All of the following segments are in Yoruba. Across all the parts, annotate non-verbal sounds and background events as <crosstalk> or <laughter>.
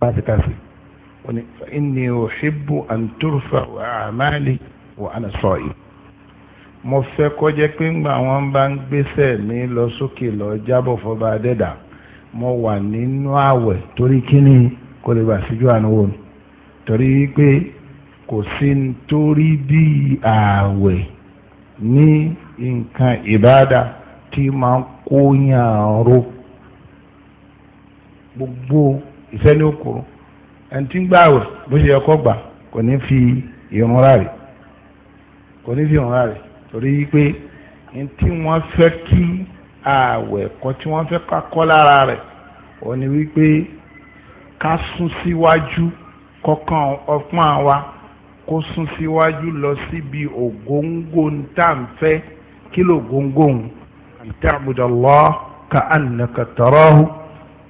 kásìkásì ó ní inni uhibbu an turfa a'mali wa ana sa'i mo fẹ́ kó jẹ́ pé ńgbà wọn bá ń gbéṣẹ́ mi lọ sókè lọ jábọ̀ fọba adẹ́dà mo wà nínú àwẹ̀ torí kíni kó lè bà síjú àánú ni torí pé kò sí nítorí bí àwẹ̀ ní nǹkan ìbáda tí máa ń kó yàn án ró gbogbo ìfẹ́ ní okòrò ẹni tí ń gbà wẹ̀ bó ṣe yẹ kó gbà kò ní fi ìrun rárẹ̀ kò ní fi ìrun rárẹ̀ torí pé ní tí wọ́n fẹ́ kí ààwẹ̀ kọ́ tí wọ́n fẹ́ kọ́ lára rẹ̀ òun ni wípé ká sún síwájú kọ́kàn ọpọ́n wa kó sún síwájú lọ síbi ògóńgó tá à ń fẹ́ kí lògóńgó ń tàbùdà Allah ka annaka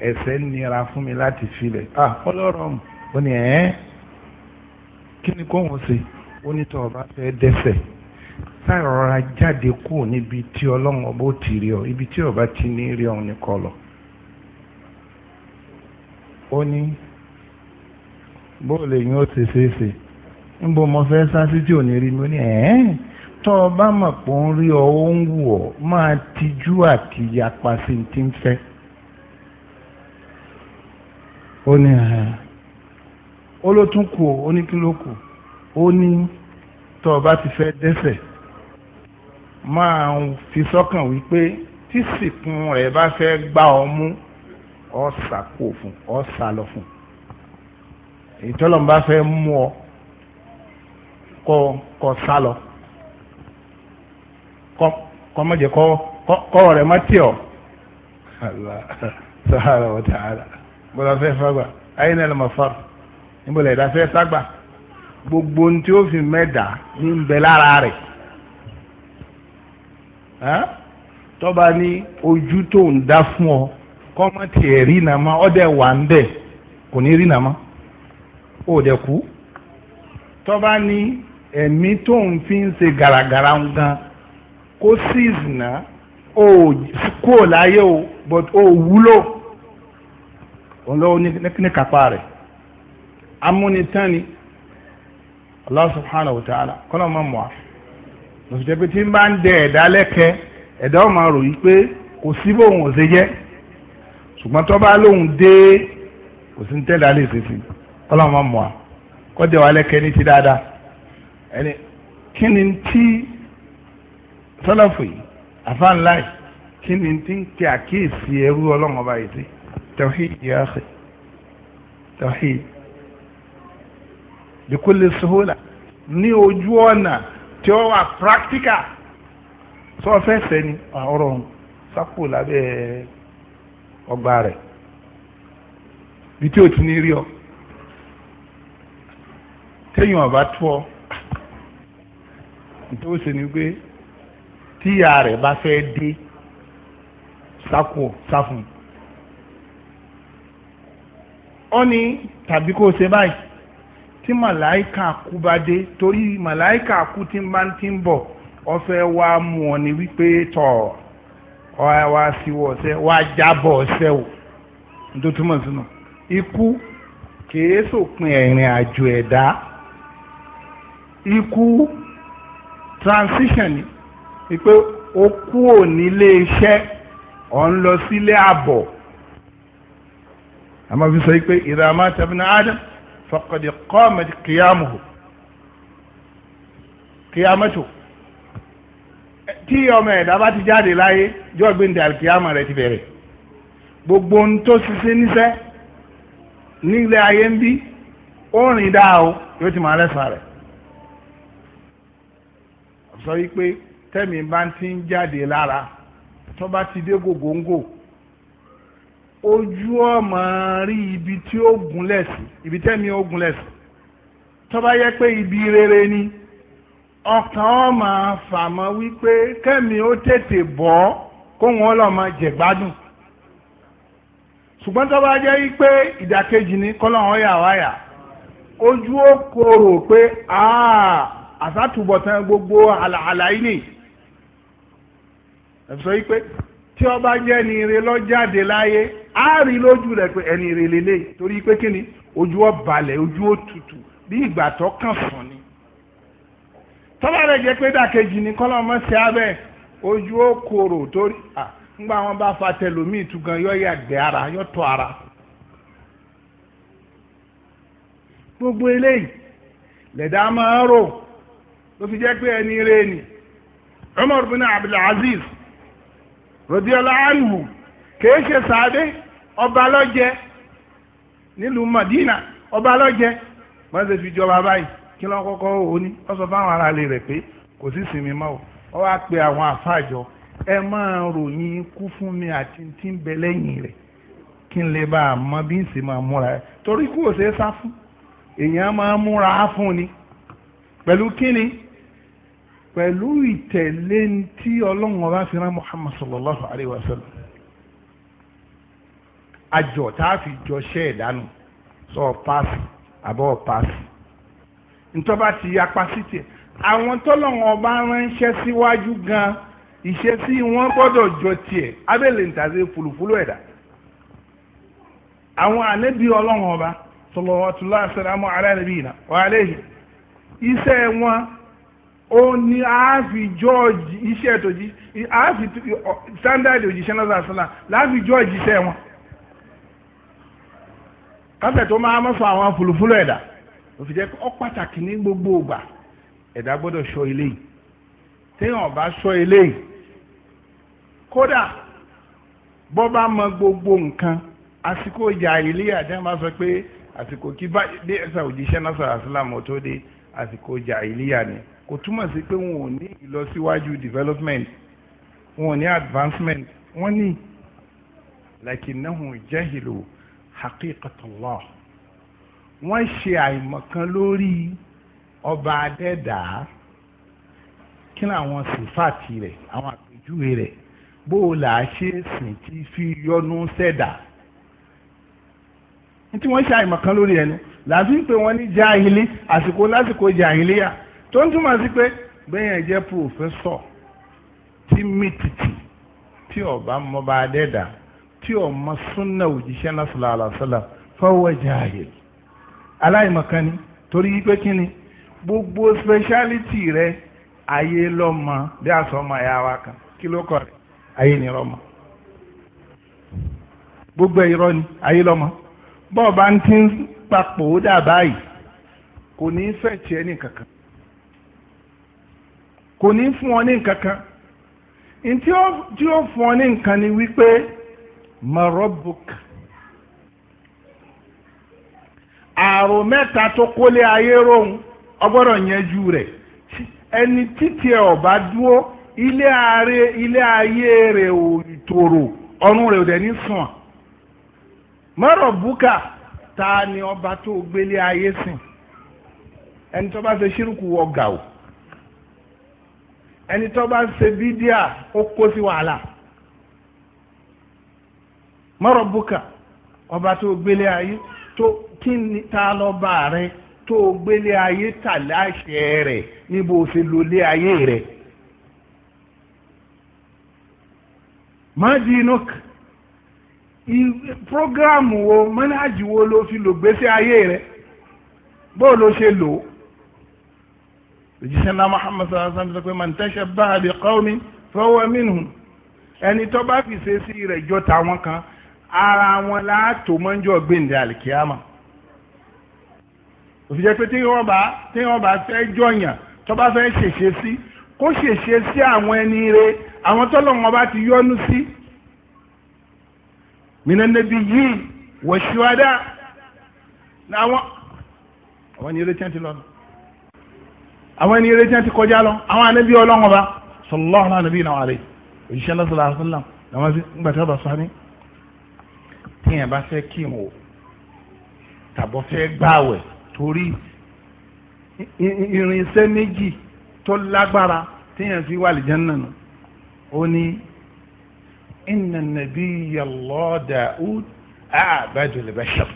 ẹ̀ṣẹ̀ nira fún mi láti filẹ̀ ah ọlọ́rọ̀ mu ó ní ẹ̀ kí ni kó wọn ṣe ó ní tó o bá fẹ́ dẹ́ṣẹ̀ sárọra jáde kúrò níbi tí ọlọ́run ọba ó ti rí ọ ibi tí ọba ti ní rí ọ ní kó lọ ó ní bóòlù èyí ó ṣe ṣeé ṣe níbo mo fẹ́ sá tí ò ní rí mi ó ní ẹ̀ẹ́ tọ́ ọ bá mọ̀ pé ó ń rí ọ ó ń wù ọ máa tijú àti yapa sí ti ń fẹ́ ó ní ẹ̀hẹ́n ó ló tún kù ó ní kí ló kù ó ní tó o bá ti fẹ́ dẹ́ṣẹ̀ máa fi sọ́kàn wípé tí sìnkún rẹ̀ bá fẹ́ gbá ọ mú ọ sàkó fún ọ sálọ fún ìtọ́lọ́mùbá fẹ́ mú ọ kọ kọ sálọ kọ kọ mọ̀jẹ̀ kọ kọ rẹ̀ mọ́tì ọ. <laughs> Allah subhanahu wa bọ́lá fẹ́ fagbà ayé náà lọ́mọ fọ́ níbọ̀lá ẹ̀dá fẹ́ sagbà gbogbo ohun tí ó fi mẹ́ẹ̀dá ní ń bẹ lára rẹ̀ tọ́ba ní ojú tó ń dá fún ọ kọ́mọ́tì ẹ̀ rí nàmá ọ̀dẹ wà ń bẹ̀ kò ní rí nàmá ó dẹ̀ kú tọ́ba ní ẹ̀mí tó ń fi ń ṣe gàràgàrà ń gan kó sí ìsìnà ó kúò láyé o but ó wúlò òun lọ́wọ́ ní kápá rẹ̀ amúnitán ni Allah subhanahu wa ta'ala kọ́nà máa mọ̀ á lọ́sọ̀tẹ́ pé tí n bá ń dẹ ẹ̀dá lẹ́kẹ́ ẹ̀dá ọ̀ máa ròyìn pé kò sí bóun ò ṣe jẹ́ ṣùgbọ́n tó bá lóun dé kò sí ní tẹ́lẹ̀ alẹ́ ṣe kọ́nà máa mọ̀ á kọ́dẹ̀ wa lẹ́kẹ́ ní ti dáadáa ẹni kí ni tí sọ́lọ́fù yìí àfáànláì kí ni tí ń pe àkíyèsí ẹrú ọlọ́run yìí توحيد يا أخي توحيد بكل سهولة ní ojú ọ̀nà tí ó wà practical sọ fẹsẹ̀ ni ọ̀rọ̀ sápò lábẹ́ ọgbà rẹ̀ bí tí o ti ní rí ọ téèyàn ọba tó ọ nítorí ó ṣe ni pé tíyà rẹ̀ bá fẹ́ dé sápò sáfún un ó ní tàbí kó o ṣe báyìí tí màláìka kú bá dé torí màláìka kú tí ń bá ń ti ń bọ̀ ọ fẹ́ wá mú ọ ní wípé tọ̀ ọ wá síwọ́ ọ̀sẹ̀ wá jábọ̀ ọ̀sẹ̀ o tó túmọ̀ sínú ikú kìí sòpin ẹ̀rìn àjò ẹ̀dá ikú transition ni wípé o kú ò nílé ọ̀ ń lọ sílé àbọ̀ àmọ́ fi sọ pé idha mata ibn adam faqad qamat qiyamuhu qiyamatu tí ọmọ ẹ̀dá bá ti jáde láyé jọ́ gbẹ̀ndẹ̀ àlùkìyàmọ̀ rẹ̀ ti bẹ̀rẹ̀ gbogbo ohun tó ṣiṣẹ́ níṣẹ́ nílé ayé ń bí ó rìn dá o yóò ti máa lẹ́sàn rẹ̀ sọ wípé tẹ́mi bá ti ń jáde lára tó bá ti dé gògóńgò ojú ọmọ rí ibi tí ó gúnlẹ̀ sí ibi tẹ́mi ó gúnlẹ̀ sí tó bá yẹ pé ibi rere ni ọkàn ọmọ fàmọ́ wípé kẹ́mi ó tètè bọ́ kóhun ọlọ́mọ jẹ̀gbádùn ṣùgbọ́n tó bá jẹ́ wípé ìdàkejì ni kọ́lọ́hún yà wáyà ojú ó korò pé àsátúbọ̀tán gbogbo àlàyé ni ẹ̀fọ́ yìí pé tí ọba jẹ́ ni ire lọ́jáde láyé ari rí lójú rẹ̀ pé ẹni ìrèlélẹ̀ torí pé kí ni ojú ọ ojú tutu bi bí ìgbà tó kàn fún ni tọ́lá rẹ̀ jẹ́ pé dàkejì ni kọ́lọ́ mọ́ sí abẹ́ ojú ó torí à ńgbà wọn fa tẹlómi ìtúgan yọ ara yọ ara gbogbo eléyìí lẹ̀dá máa ń rò ló fi jẹ́ pé ẹni ni Umar bin Aziz radiyallahu anhu sáadé ọba lọ́jẹ́ nílùú Madina ọba lọ́jẹ́ wọ́n ṣe fi jọba báyìí kí lọ́n kọ́kọ́ ó ní wọ́n sọ fáwọn ará ilé rẹ̀ pé kò sí sinmi o ọ wá pe àwọn àfàjọ ẹ máa ròyìn kú fún mi àti tí n a mọ bí n sì máa múra ẹ torí ṣe é sá fún èèyàn máa múra á fún ni pẹ̀lú kíni pẹ̀lú ìtẹ̀lé tí ọlọ́run ọba fi àjọ tá a fi jọ ṣẹ́ ìdánù sọ paasi àbọ̀ paasi ntọ́ba ti yapa sí tiẹ̀ àwọn tọ́lọ́wọ́n ọba ránṣẹ́ síwájú gan ìṣesí wọn gbọ́dọ̀ jọ tiẹ̀ abẹ́lẹ̀ ntàzé fúlùfúlù ẹ̀dá àwọn ànábì ọlọ́wọ́n ọba sọlọ́wọ́tulá sàlámù aláàbí iná wàhálẹ́yìn iṣẹ́ wọn ó ní àáfi jọ́ọ̀jì iṣẹ́ tó jí àáfi sándàdì òjíṣẹ́ náà sàlá láàfi jọ́ọ̀jì iṣẹ́ wọn kásẹ̀ tó máa mọ́ sọ àwọn fùlùfúlù ẹ̀dá òfin jẹ́ ọ pàtàkì ní gbogbo ògbà ẹ̀dá gbọ́dọ̀ sọ eléyìí téèyàn bá sọ eléyìí kódà bọ́ bá mọ gbogbo nǹkan àsìkò ìjà ilé àdéhùn bá sọ pé àsìkò kí bá dé ẹ̀sà òjíṣẹ́ náà sọ̀rọ̀ àsìlámù tó dé àsìkò ìjà ilé àní kò túmọ̀ sí pé wọn ò ní ìlọsíwájú development wọn ò ní advancement wọn ní lakinnahum jahilu. Like haqiqatallah wọ́n ṣe àìmọ̀kan lórí ọba adẹ́dàá kí ni àwọn sífàtì rẹ̀ àwọn àpèjúwe rẹ̀ bó o là á ṣe sìn tí fi yọnu sẹ́dà tí wọ́n ṣe àìmọ̀kan lórí ẹnu làbí pé wọ́n ní jahili àsìkò lásìkò jahiliya tó ń túmọ̀ sí pé bẹ́yẹn jẹ́ pòfẹ́sọ̀ tí mìtìtì tí ọba mọba adẹ́dàá tí ò mọ súnà òjíṣẹ́ náà sọ̀lá àlàsọ̀lá fọwọ́ jahil aláìmọ̀kan ni torí pé kí ni gbogbo speciality rẹ ayé lọ́mọ bí àsọmọ ẹ̀yà wa kan kí ló kọ̀ rẹ̀ ayé ni rọ́mọ gbogbo irọ́ ni ayé lọ́mọ bọ́ọ̀ bá ń tí ń papọ̀ ó dà báyìí kò ní í fẹ̀tì ẹ́ nìkankan kò ní í fún ọ ní nǹkankan ntí ó fún ọ ní nǹkan ni wípé marobuk àrùn mẹ́ta tó kólé ayé rohun ọgbọ́dọ̀ yanjú rẹ̀ ẹni títí ẹ̀ ọ̀bá dúró ilé ayé ilé ayé rẹ̀ ò tòrò ọ̀run rẹ̀ ò dẹ̀ ní sùn marobuka ta ni ọba tó gbélé ayé sìn ẹni tó bá ṣe ṣírùkù ọgà o ẹni tó bá ṣe bídíà ó kó sí wàhálà mọ́rọ̀bùkà ọba tó gbélé ayé tó kí ni ta lọ́ba rẹ tó gbélé ayé tà láṣẹ rẹ níbo ṣe lólé ayé rẹ. madinok programu wo mọ́nájì wo ló fi lò gbèsè ayé rẹ bó ló ṣe lò ó. òjíṣẹ́ Muhammad sallallahu alaihi wa sallam sọ pé man tashabbaha bi qawmin fahuwa minhum ẹni tó bá fi ṣe sí rẹ̀ jọ tàwọn kan ara wọn láàtò mọ́jọ́ gbẹ̀ǹdẹ̀ àlìkíyàmà òfin jẹ́ pé tí wọ́n bá tí wọ́n bá fẹ́ jọyàn tó bá fẹ́ ṣèṣe sí kó ṣèṣe sí àwọn ẹni rẹ àwọn tọ́lọ́wọ́n bá ti yọ́nú sí mìnàdébí yìí wọ̀ṣíwádà àwọn àwọn ẹni rẹ tí wọ́n ti lọ àwọn ẹni rẹ ti kọjá lọ àwọn ànábì ọlọ́wọ́n bá sallallahu alaihi wa sallam òjíṣẹ́ lọ́sọ̀lá àṣọlá làwọn ń gbàtà bàṣọ́ ni téèyàn bá fẹ́ kí wọn o tàbọ̀ fẹ́ gbààwẹ̀ torí irinṣẹ́ méjì tó lágbára téèyàn fi wà lìjẹ́ nànú ó ní inna nabiyya Allah Daud a'badu al-bashar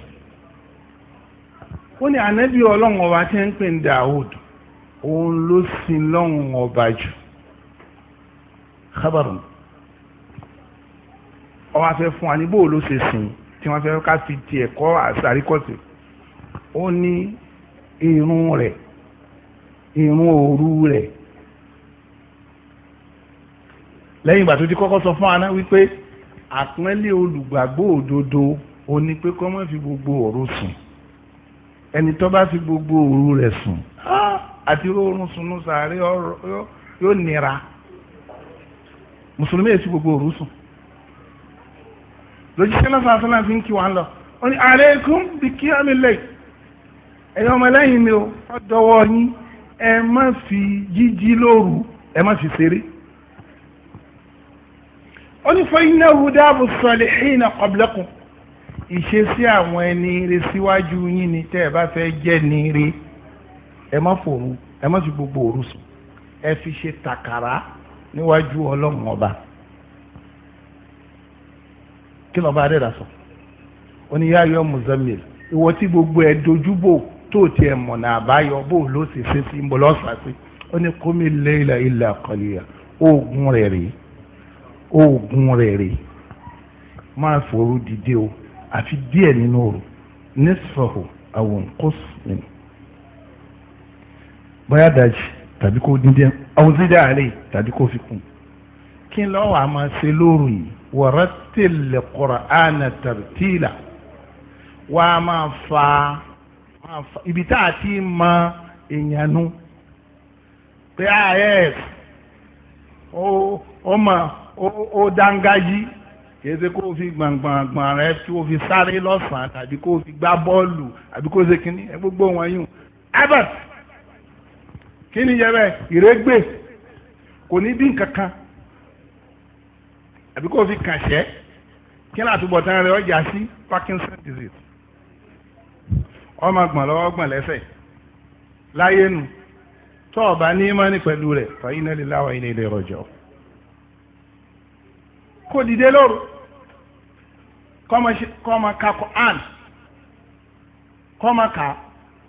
ó ní ànábì ọlọ́run ọba tí ń pè ní Daud òun ló sin lọ́run ọba jù kábàrún ọba fẹ́ fún wa ní bóòlù ṣe sìn tí wọ́n fẹ́ ká fi tiẹ̀ kọ́ àríkọ̀sẹ̀ ó ní irun rẹ̀ irun òru rẹ̀ lẹ́yìn ìgbà tó ti kọ́kọ́ sọ fún aná wípé àpọ́nlé olùgbàgbọ́ òdodo ó ní pé kọ́ mọ́ fi gbogbo òru sùn ẹni tó bá fi gbogbo òru rẹ̀ sùn àti oorun sunú sàárẹ̀ yóò nira mùsùlùmí èsì gbogbo òru sùn lójúṣẹ́ lọ́sàn-án sọ́nà fi ń kí wọn lọ ó ní alaykum bí kí á mi lẹ̀ ẹ̀yin ọmọ ẹlẹ́yìn ni ó dọwọ́ yín ẹ má fi jíjí lóru ẹ má fi ṣeré ó ní fọyín náà wú dáàbò sọlẹ̀ ẹ̀yìn náà qablakum ìṣesí àwọn ẹni rẹ síwájú yín ni tẹ́ ẹ bá fẹ́ jẹ́ ni rẹ ẹ má fòrùn ẹ má fi gbogbo òru sùn ẹ fi ṣe tàkàrà níwájú ọlọ́run ọba kí lọ́ba adẹ́dà sọ oníyáyọ muzammil ìwọ tí gbogbo ẹ dojúbò tó tiẹ̀ mọ̀nà àbáyọ bó ló sì fi sí mbọ̀ lọ́sàá sí ó ní kómi layla illa qaliya oògùn rẹ̀ rèé oògùn rẹ̀ rèé máa fòrú dìde o àfi díẹ̀ nínú òru nisfahu àwọn kóso bóyá dájì tàbí kó dín àwọn zídà àlè tàbí kó fi kún kí lọ́wọ́ a máa ṣe lóru yìí waratil qur'ana ترتيلا وما فا fa ibi tá a ti mọ èèyàn nu pé ààyè ah, ó mọ ó dángájí kìí ṣe kó o fi gbàngbàngbàn rẹ kí o fi sáré lọ́sàn-án tàbí kó o fi gbá bọ́ọ̀lù àbí kó o ṣe kínní ẹ gbogbo wọn yùn albert kí ni yẹ bẹ́ẹ̀ ìrégbè kò ní bí nǹkan kan àbí kò fi kàn ṣẹ́ kí ni àtúbọ̀tán rẹ̀ ọjà sí Parkinson disease ọmọ gbọ̀n lọ́wọ́ gbọ̀n lẹ́sẹ̀ láyé nu tó o bá ní ìmánì pẹ̀lú rẹ̀ fa inna lillahi wa inna ilayhi raji'un kò dìde lóru kọ́mọ ka Qur'an kọ́mọ ka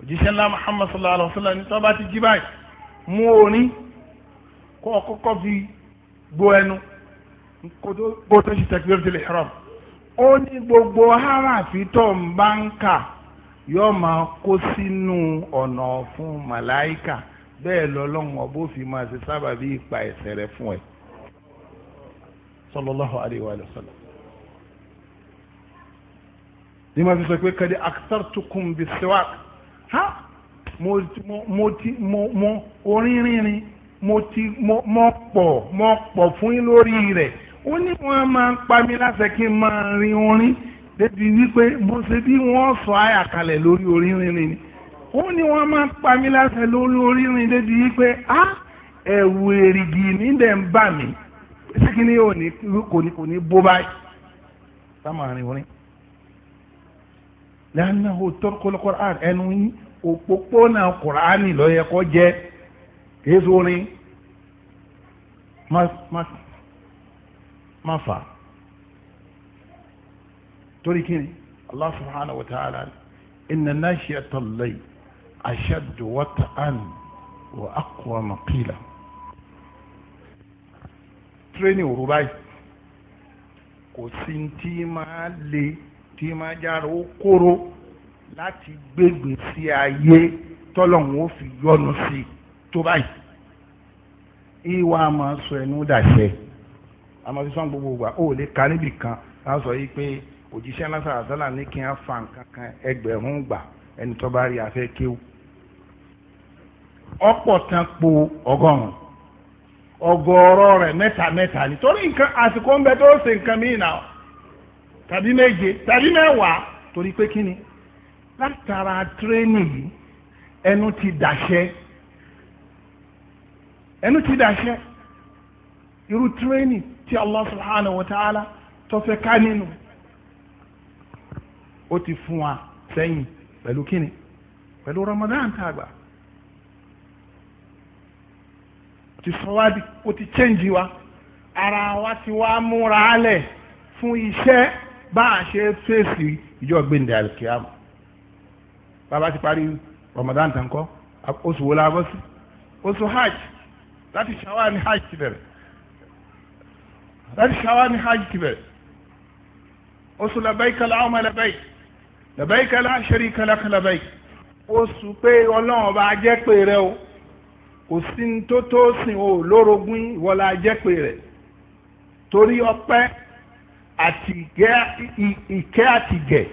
òjíṣẹ́ ńlá Muhammad sallallahu alayhi wa sallam ní tó bá ti jí báyìí mú òní kó o kọ́kọ́ fi gbó ẹnu bó tó ṣe takbiratul ihram ó ní gbogbo harafi tó ń bá ń kà yóò máa kó sínú ọ̀nà fún màláìkà bẹ́ẹ̀ lọ́lọ́run ọbó fi máa ṣe sábà bí ipa ẹ̀ṣẹ̀ rẹ̀ fún ẹ. sallallahu alayhi wa sallam. ní ma fi sọ pé kadi akthartukum bis-siwak ha mo mo ti mo mo orin rinrin mo ti mo mo pọ̀ mo pọ̀ fún yín lórí rẹ̀ ó ní wọ́n máa ń pa mí láṣẹ kí n máa rin orin débi wípé bó ṣe bí wọ́n sọ àyà kalẹ̀ lórí orin rìnrìn ni ó ní wọ́n máa ń pa mí láṣẹ lórí orin rìn débi wípé á ẹ̀wù èrìgì mi dẹ̀ ń bà mí ṣé kí ni yóò ní kò ní kò ní bó báyìí sáwọn àrin orin lẹ́yìn náà ó tọ́ kọ́lọ́kọ́rọ́ ẹnu yín òpópónà kùránì lọ́yẹ̀kọ́ jẹ́ kí é má fà á torí kí ni Allah subhanahu wa ta'ala inna nashiyata al-layl ashaddu wat'an wa aqwama qila tírénì òru báyìí kò sí tí máa le tí máa jára ó kóró láti gbégbé sí ayé tọ́lọ́hún ó fi yọnu sí tó báyìí ìwà máa sọ ẹnu dàṣẹ àmọ́ sísan gbogbo ìgbà ó lè ka níbì kan á sọ yìí pé òjíṣẹ́ lásán àdálà ní kí á fa nǹkan kan ẹgbẹ̀rún gbà ẹni tó bá rí afẹ́ kéwù ọ̀pọ̀ tán po ọgọ́rùn-ún ọgọ́rọ́ rẹ̀ mẹ́ta mẹ́ta nítorí nǹkan àsìkò ń bẹ tó ṣe nǹkan míì náà tàbí méje tàbí mẹ́wàá torí pé kí látara tírénì yìí ẹnu ti dàṣẹ ẹnu ti dàṣẹ irú tírénì tí Allah subhanahu wa ta'ala tó fẹ́ ká nínú ó ti fún wa sẹ́yìn pẹ̀lú kíni pẹ̀lú Ramadan tá a gbà ó ti sọ wá di ó ti chẹ́ǹjì wa ara wa ti wá múra lẹ̀ fún iṣẹ́ bá a ṣe fèsì ìjọ gbẹ̀ndẹ̀ alikiyama bàbá ti parí Ramadan tán kọ́ oṣù wo la bọ́ sí oṣù hajj láti ṣàwọn hajj ti láti ṣàwá ní hajj tibẹ̀ oṣù labẹ́yìká làwọn labẹ́yì labẹ́yìká láṣẹ́rí kálákà labẹ́yì oṣù pé ọlọ́run ọba ajẹ́ pé rẹ o kò sí ní tó tó sìn o lórogún ìwọlá ajẹ́ pé rẹ torí ọpẹ́ àti ìkẹ́ àtìgẹ̀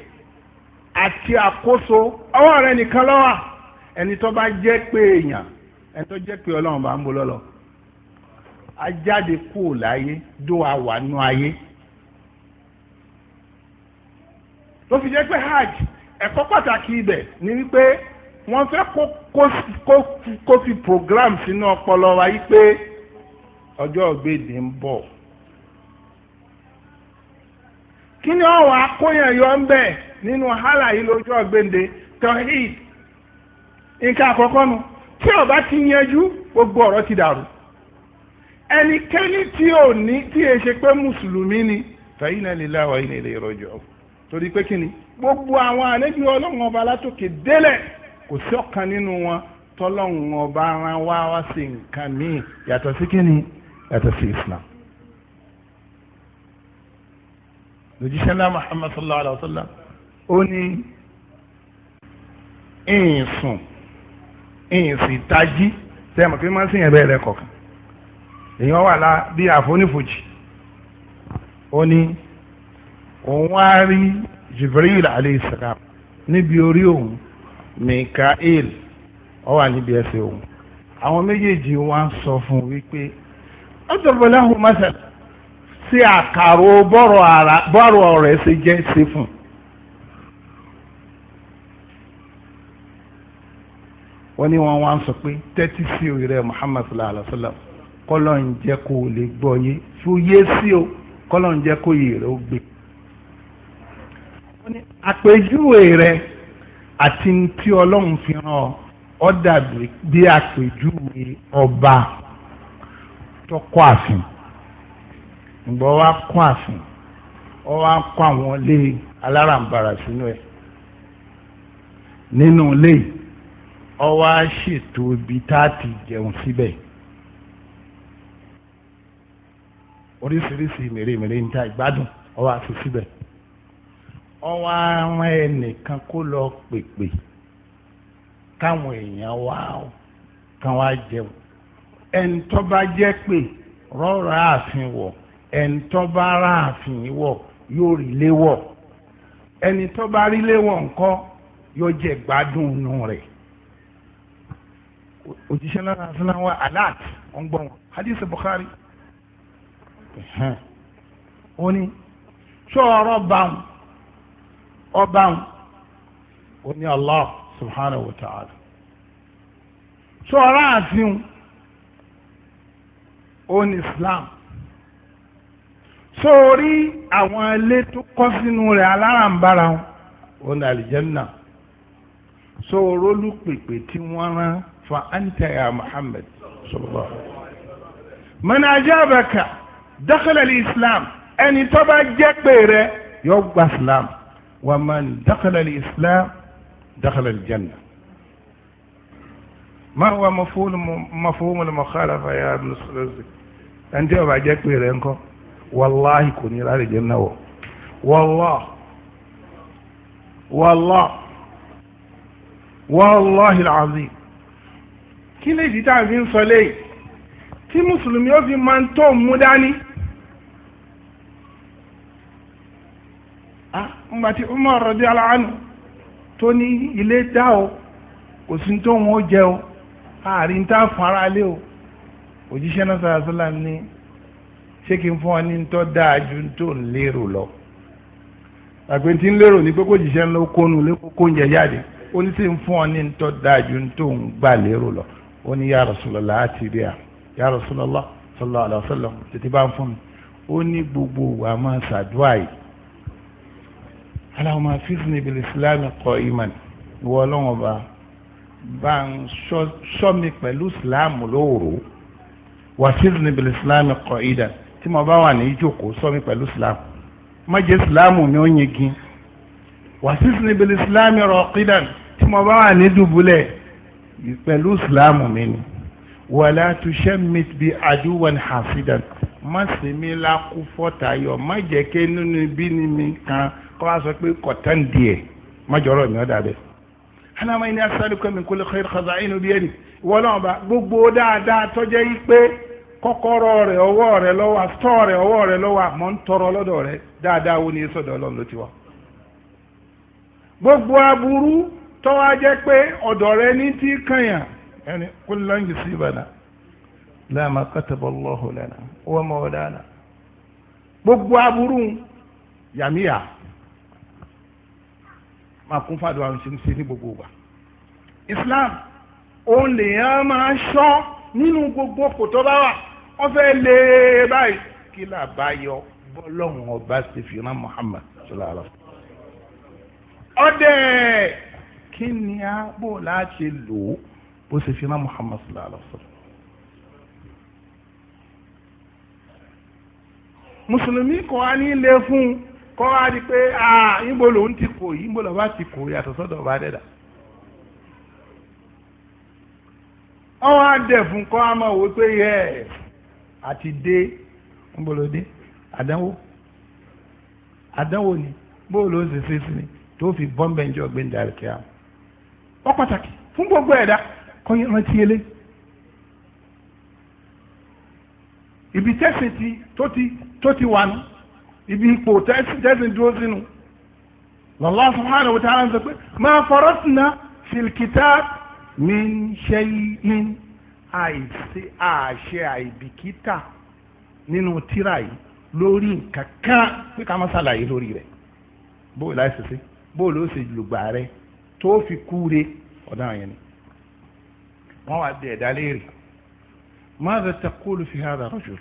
àti àkóso ọwọ́ rẹ nìkan ló wà ẹni tó bá jẹ́ pé èèyàn ẹni tó jẹ́ pé ọlọ́run bá ń bo lọ́lọ́ a jáde kúrò láyé dó a wà nú ayé ló fi jẹ́ pé hajj ẹ̀kọ́ pàtàkì ibẹ̀ ni wípé wọ́n fẹ́ kó program sínú ọpọlọ wa yí pé ọjọ́ ògbéde ń bọ̀ kí ni ọ̀wọ́ akóyàn yọ ń bẹ̀ nínú hàlà yìí lójú nǹkan àkọ́kọ́ nu tí ẹnikẹ́ni tí ò ní tí e ṣe pé mùsùlùmí ni fẹ̀yìn náà lè láwa yìí nílé ìrọ̀jọ́ torí pé kíni gbogbo àwọn àlejò ọlọ́run ọba látòkè délẹ̀ kò sí ọ̀kan nínú wọn tọ́lọ́run ọba ara wá wá sí nǹkan míì yàtọ̀ sí kíni yàtọ̀ sí Islam. lójúṣẹ́ ńlá Muhammad sallallahu alayhi wa sallam ó ní ìsùn ìsìn tají sẹ́yìn mọ̀ pé máa ń sìn yẹn bẹ́ẹ̀ rẹ kọ̀ọ̀kan èèyàn wà lá bí àfonífojì ó ní òun á rí Jibril alayhi salam níbi orí òun Mikael ó wà níbi ẹsẹ̀ òun àwọn méjèèjì wọn sọ fún un wípé ọjọbọláhùn mọsẹ ṣe àkàrò bọrọ ara bọrọ ọrẹ ṣe jẹ ṣe fún un. wọ́n ní wọ́n wá ń sọ pé tẹ́tí sí òyìnbó Muhammad sallallahu alayhi wa sallam kọ́lọ̀ ń jẹ́ kó o lè gbọ́ yé fún yé sí o kọ́lọ̀ ń jẹ́ kó yè rẹ ó gbé. àpèjúwe rẹ àti tí ọlọ́run fi ràn ọ́ dàbí bí àpèjúwe ọba tó àfin ìgbọ́ wa kọ́ àfin ọ wá kọ́ àwọn ilé alárànbarà sínú ẹ̀ nínú ilé ọ wá ṣètò ibi tá a ti jẹun síbẹ̀. Si oríṣiríṣi mèremère ń ta ìgbádùn ọwọ́ àti síbẹ̀ ọwọ́ àwọn ẹnìkan kó lọ pèpè káwọn èèyàn wá kán wá jẹun ẹni tó bá jẹ́ pé rọ́ọ̀rọ̀ ààfin wọ̀ ẹni tó bá ra ààfin wọ̀ yóò rí léwọ̀ ẹni tó bá rí léwọ̀ ńkọ́ yóò jẹ gbádùn inú rẹ̀ òjíṣẹ́ náà fúnra wọn alert ọ̀ngbọ̀n hadith Bukhari. ó ní tí ọ̀rọ̀ bá ń ọba ń Allah subhanahu wa ta'ala tí àti ń Islam àwọn ilé tó kọ́ sínú rẹ̀ alárànbarà ń ó ní àlìjẹ́nà tí wọ́n rán fa ya Muhammad sallallahu دخل الإسلام أن يتبع جبيرة يبقى إسلام ومن دخل الإسلام دخل الجنة ما هو مفهوم مفهوم المخالفة يا ابن السلوزي أنت يبقى جبيرة والله يكون يرى الجنة والله والله والله العظيم كل اللي تعرفين صلي في مسلم يوفي مانتو مداني ńgbà ah, Umar radiyallahu anhu tó ní ilé dá o kò sí tó wọn ó jẹ o àárín tá a fún ara lé o òjíṣẹ́ náà sọ̀rọ̀ sọ́lá ní ṣé kí n fún ọ ní tó dáa ju tó ń lérò lọ àgbẹ̀ tí ń lérò ní pé kó jíṣẹ́ ńlọ kónú lé kó ń jẹ jáde ó ní sì ń fún ọ ní tó dáa ju tó ń gbà lérò lọ ó ní ya Rasulullah àti rí à ya Rasulullah sallallahu alaihi wasallam tètè bá ń fún mi ó ní gbogbo wa máa ṣàdúrà yìí aláwọ̀mọ̀ fífún ìbílẹ̀ islam kọ iman ìwọ ọlọ́wọ́n ọba bá ń ṣọ́ mi pẹ̀lú islam lóòrò wàfífún ìbílẹ̀ islam kọ ìdá tí mo bá wà ní ìjókòó ṣọ́ mi pẹ̀lú islam má jẹ́ islam mi ó yingin wàfífún ìbílẹ̀ islam rọ ìdá tí mo bá wà ní dùbúlẹ̀ pẹ̀lú islam mi ni wàlá tuṣẹ́ mi bi adúwọ̀n hàfídàn má ṣe mí lákú fọ́tayọ má jẹ́ kí nínú bí ni mi kan kọ́ wa sọ pé kọ̀tán díẹ̀ má jọ̀rọ̀ mi ọ̀dà bẹ́ẹ̀. hana ma ni asaluka min kulli khair khaza'inu bi yadi wọ́n náà bá gbogbo dáadáa tọ́jẹ́ yí pé kọ́kọ́rọ́ rẹ̀ ọwọ́ rẹ̀ lọ́wọ́ àtọ́ rẹ̀ ọwọ́ rẹ̀ lọ́wọ́ àmọ́ ń tọrọ lọ́dọ̀ rẹ̀ dáadáa wo ni sọ̀dọ̀ ọlọ́run ló ti wá. gbogbo aburú tọ́wọ́ pé ọ̀dọ̀ rẹ̀ ní tí kànyàn ẹni kó sí ìbàdàn la ma kataba Allahu lana wa mawlana gbogbo aburú yàmíyà máa kún fàdùn àwọn ṣe ń ṣe ní gbogbo ìgbà Islam òun lèèyàn máa ṣọ́ nínú gbogbo kòtò bá wà wọ́n fẹ́ lé báyìí kí là bá yọ bọ́lọ́hùn ọba ṣe fi rán Muhammad sallallahu ọdẹ kí ni a bò láti lò ó bó ṣe fi rán Muhammad sallallahu alaihi mùsùlùmí kan á ní lé fún un kọ́ á di pé ìbò lòun ti kò yìí ìbò lọ́ba ti kò yàtọ̀ sọ́dọ̀ ọba dẹ́dà. ọwọ́ á dẹ̀ fún kọ́ á máa wò pé yẹ àti dé ìbò ló dé àdánwò àdánwò ni bó ló ṣe ṣe sí ni tó fi bọ́m̀bẹ̀ gbé ń darí kíá. ó pàtàkì fún gbogbo ẹ̀dá kọ́ yẹn rántí eléyìí. ibi tẹ́sìn ti tó ti tó ti wà nù ibi ipò tẹ́sìn dúró sínú Allah subhanahu wa ta'ala ń sọ pé ma farratna fil kitab min shay'in àìsí àṣẹ àìbìkítà nínú tíra yìí lórí nǹkan kan pé ká má ṣàlàyé lórí rẹ̀ bóòlù láìsèse bóòlù ó sì lùgbà rẹ̀ tó fi kúure ọ̀daràn yẹn ni wọ́n wá di ẹ̀dá léèrè ماذا تقول في هذا الرجل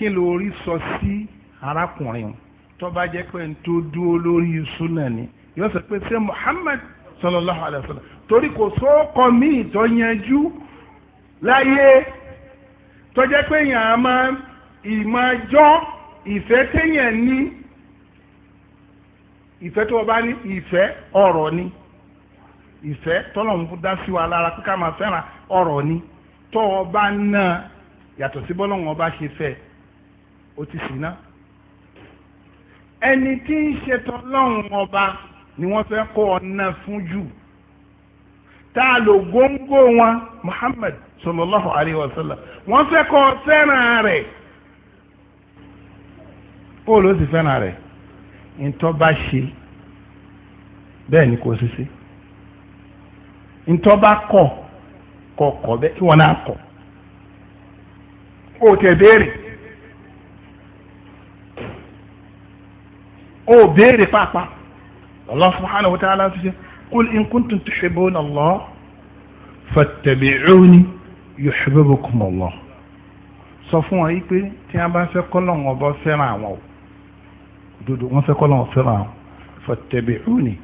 kí ló rí sọ sí arákùnrin tó bá jẹ́ pé tó dúró lórí súnà ni yóò sọ pé ṣé Muhammad sallallahu alayhi wa sallam torí kò sóòkọ míì tó yanjú láyé tó jẹ́ pé èèyàn á máa ìmọ̀jọ́ tó o bá ní ìfẹ́ ọ̀rọ̀ ni ife tọ́lọ́mù dá sí wa lára pé ká máa fẹ́ràn ọ̀rọ̀ ni tó o bá ná yàtọ̀ sí bọ́lọ́wọ́n bá ṣe fẹ́ o ti sì ná ẹni tí ń ṣetán lọ́hùn ọba ni wọ́n fẹ́ kó ọ̀nà fún jù tá a lò góńgó wọn Muhammad sallallahu alayhi wa sallam wọ́n fẹ́ kó fẹ́ràn rẹ̀ paul ó sì fẹ́ràn rẹ̀ ntọ́ bá ṣe bẹ́ẹ̀ ni kò sí sí ntọ́ bá kọ̀ kọ̀ọ̀kọ̀ bẹ́ẹ̀ kí wọ́n náà kọ̀ o tẹ̀ béèrè o béèrè pàápàá Allah subhanahu wa ta'ala fi ṣe qul in kuntum tuhibbuna Allah fattabi'uni yuhibbukum Allah sọ fún wọn yìí pé tí wọn bá fẹ́ kọ́lọ́hún ọba fẹ́ràn àwọn o dodo wọn fẹ́ kọ́lọ́hún fẹ́ràn àwọn fattabi'uni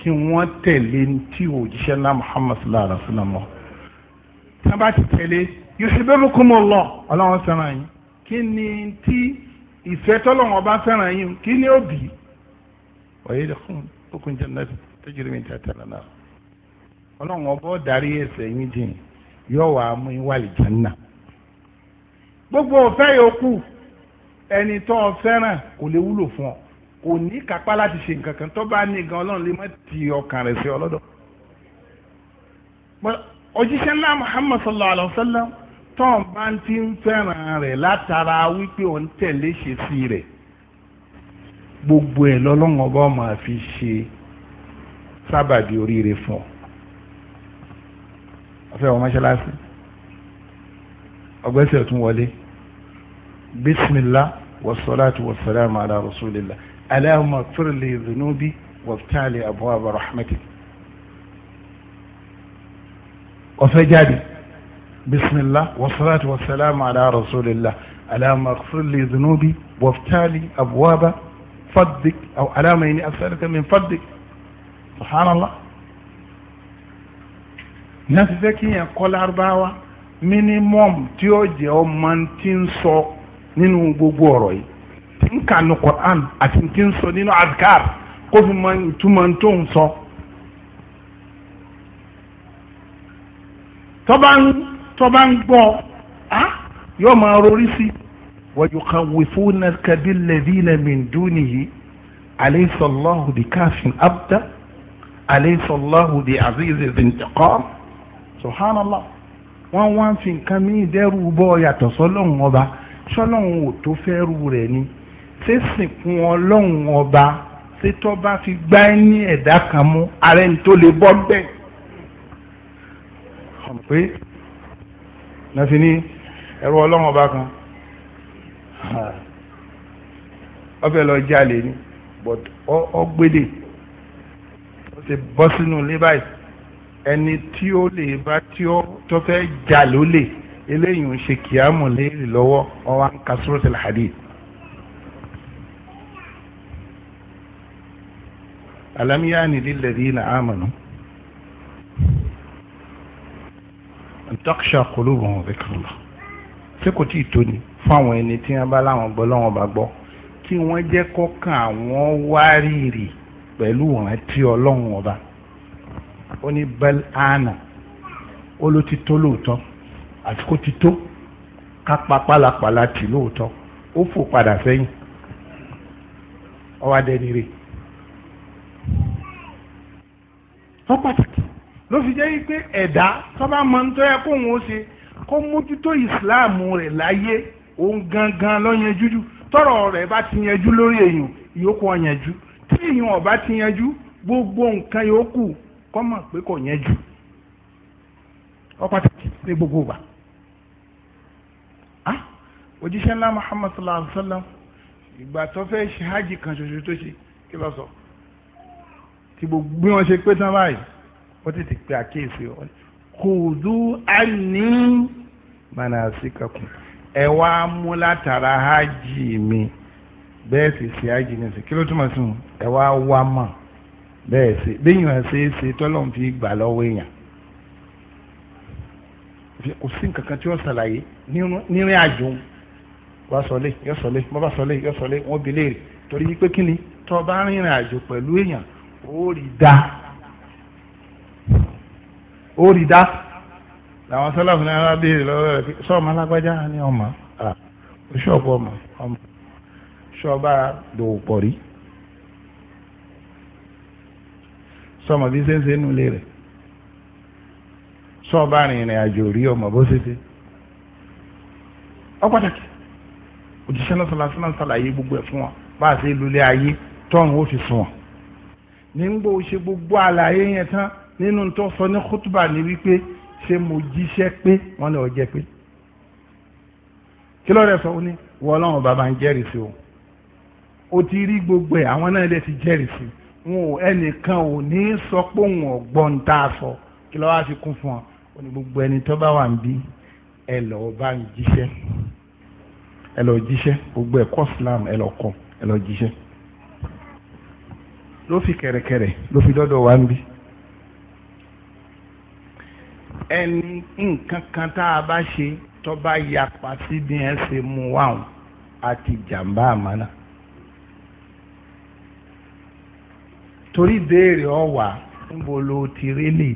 kí wọ́n tẹ̀lé tí òjíṣẹ́ náà Muhammad sallallahu alaihi wa sallam tí wọ́n bá ti tẹ̀lé yuhibbukumullah ọlọ́run fẹ́ràn yín kí ni tí ìfẹ́ tọ́lọ́run bá fẹ́ràn yín kí ni ó bì í ọ̀yẹ́ dẹ́kun okùn jannati tajri min tahtiha al-anhar ọlọ́run ọba darí ẹsẹ̀ yín jìn yóò wá mú yín wà lí janna gbogbo ọ̀fẹ́ yòókù ẹni tó o fẹ́ràn kò lè wúlò fún ọ kò ní kápá láti ṣe nǹkan kan tó bá ní gan ọlọ́run lè má ti ọkàn rẹ̀ sí ọ òjíṣẹ́ ńlá muhammad sallallahu alayhi wa sallam tọ́n bá ń ti ń fẹ́ràn rẹ̀ látara wípé òun tẹ̀lé ṣe sí rẹ̀ gbogbo ẹ̀ lọ́lọ́run ọba máa fi ṣe sábàbí oríire fún ọ. ọ̀fẹ́ wọn mọ́ṣáláṣí ọgbẹ́sẹ̀ tún wọlé bisimilah wasalaatu wasalaamu ala rasulillah allahumma firli dhunubi wabtaali abwaaba rahmatika. ọ̀fẹ́ jáde bisimilah wasalaatu wasalaamu ala rasulillah alama fúrúlẹ̀ zunubi waftali abuwaba fadik aw alama yìí ni asalaka min fadik subhanallah náà ti fẹ́ kí yẹn kọ́ lárúbáwá minimum tí ó jẹ́ ọ máa ń ti ń sọ nínú gbogbo ọ̀rọ̀ yìí tí ń kà ní Qur'an àti tí ń sọ nínú azkar kó fi máa ń túmọ̀ tó sọ. So. tọ́ba ń tọ́ba ń gbọ́ á yóò máa rorí sí i. wọ́jú kan wí fún nàkàdí lẹ́bí na mìndú nìyí aleyhisalaam di káfíń abda aleyhisalaam di aziz zintiqam subhanallah wọ́n wá ń fi nǹkan mí dẹ́rù bọ́ yàtọ̀ sọ́lọ́hún ọba sọ́lọ́hún ò tó fẹ́ rú rẹ̀ ni ṣé sìnkún ọlọ́hún ọba ṣé tọ́ba fi gbá ní ẹ̀dá kan mú ara ẹni tó lè bọ́ bẹ́ẹ̀ ọ̀nà pé nàfi ní ẹ̀rọ ọlọ́run ọba kan <laughs> ọbẹ̀ lọ jalè ni but ọgbẹ́dẹ̀ ó ti bọ́ sínú ilé báyìí ẹni tí ó lè bá tí ó tó fẹ́ jà ló lè eléyìí ń ṣe kìámù léèrè lọ́wọ́ ọwọ́ ń ka suratul hadid. alam yaani lilladhina amanu. ìtọ́kṣà qulubuhum zikrullah ṣé kò tí ì tó ni fáwọn ẹni tí wọ́n bá láwọn gbọ́ lọ́wọ́n bá gbọ́ tí wọ́n jẹ́ kọ́kàn àwọn wárìrì pẹ̀lú ìrántí ọlọ́run ọba ó ní bẹ́ẹ̀ ánà ó ló ti tó lóòótọ́ àsìkò ti tó kápá pálapàla tì lóòótọ́ ó fò padà sẹ́yìn ọwọ́ adẹ́nire. wọ́n ló fi jẹ́ pé ẹ̀dá tó bá mọ tó yẹ kó òun ó ṣe kó mójútó ìsìláàmù rẹ̀ láyé òun gangan ló yanjú jù tọ́rọ̀ rẹ̀ bá ti yanjú lórí èèyàn ìyókù ó yanjú tí èèyàn ọba ti yanjú gbogbo nǹkan yòókù kọ́ mọ̀ pé kò yanjú ó pàtàkì ní gbogbo ìgbà ah, òjíṣẹ́ ńlá muhammad sallallahu alaihi wa sallam ìgbà tó fẹ́ ṣe hajj kan ṣoṣo tó ṣe kí ló sọ tí gbogbo wọn ṣe pé tán báyìí ó tètè pe àkíyèsí ọ khudhu anni manasikakum ẹ wá mú látara hajj mi bẹ́ẹ̀ sì ṣe hajj ní ṣe kí ló túmọ̀ sí ẹ wá wá mọ̀ bẹ́ẹ̀ ṣe bẹ́yìn wá ṣe é ṣe tọ́lọ́n fi gbà lọ́wọ́ èèyàn kò sí nǹkan kan tí wọ́n ṣàlàyé nírìn àjò wá sọlé yọ sọlé bọ́ sọlé yọ sọlé wọ́n bi léèrè torí pé kí ni tọ́ bá rìnrìn àjò pẹ̀lú èèyàn ó rí dáa ó rí dá làwọn sọláfù náà wá béèrè lọ́wọ́ rẹ̀ pé sọ́ọ̀mù alágbájá ni ọmọ ah, ṣọ́ọ̀bù ọmọ ṣọ́ọ̀bà dòwòpọ̀ rí sọ́ọ̀mù bí sẹ́sẹ́ nù lé rẹ̀ sọ́ọ̀bà rìnrìn àjò rí ọmọ bó ṣeṣe ọ pàtàkì òjíṣẹ́ náà sọlá sọlá sàlàyé gbogbo ẹ̀ fún wa bá a ṣe lulẹ̀ ayé tọ́run ó fi sùn wọn nígbà ó ṣe gbogbo àlàyé yẹn tán nínú tó sọ ní kútùbà ni wípé ṣé mo jíṣẹ́ pé wọ́n lọ jẹ́ pé kí ló rẹ̀ sọ ó ní wọ́n ọlọ́run bàbá ń jẹ́rìí sí o o ti rí gbogbo ẹ̀ àwọn náà lè ti jẹ́rìí sí wọn ò ẹnìkan ò ní sọ pé òun ọ̀gbọ́n tá a sọ kí ló wá fi kún fún ọ ó ní gbogbo ẹni tó bá wà ń bí ẹ lọ́ọ́ bá ń jíṣẹ́ ẹ lọ́ọ́ jíṣẹ́ gbogbo ẹ̀kọ́ Islam ẹ lọ́ọ́ kọ́ ẹ lọ́ọ́ jíṣẹ́ ló fi kẹ̀rẹ̀kẹ̀rẹ̀ ló fi dọ́dọ̀ wá ń bí ẹni nǹkan kan tá a bá ṣe tó bá yapa sí bí ẹ ṣe mú wa hàn àti jàǹbá àmàna. torí béèrè ọ̀wà níbo ló ti rí lè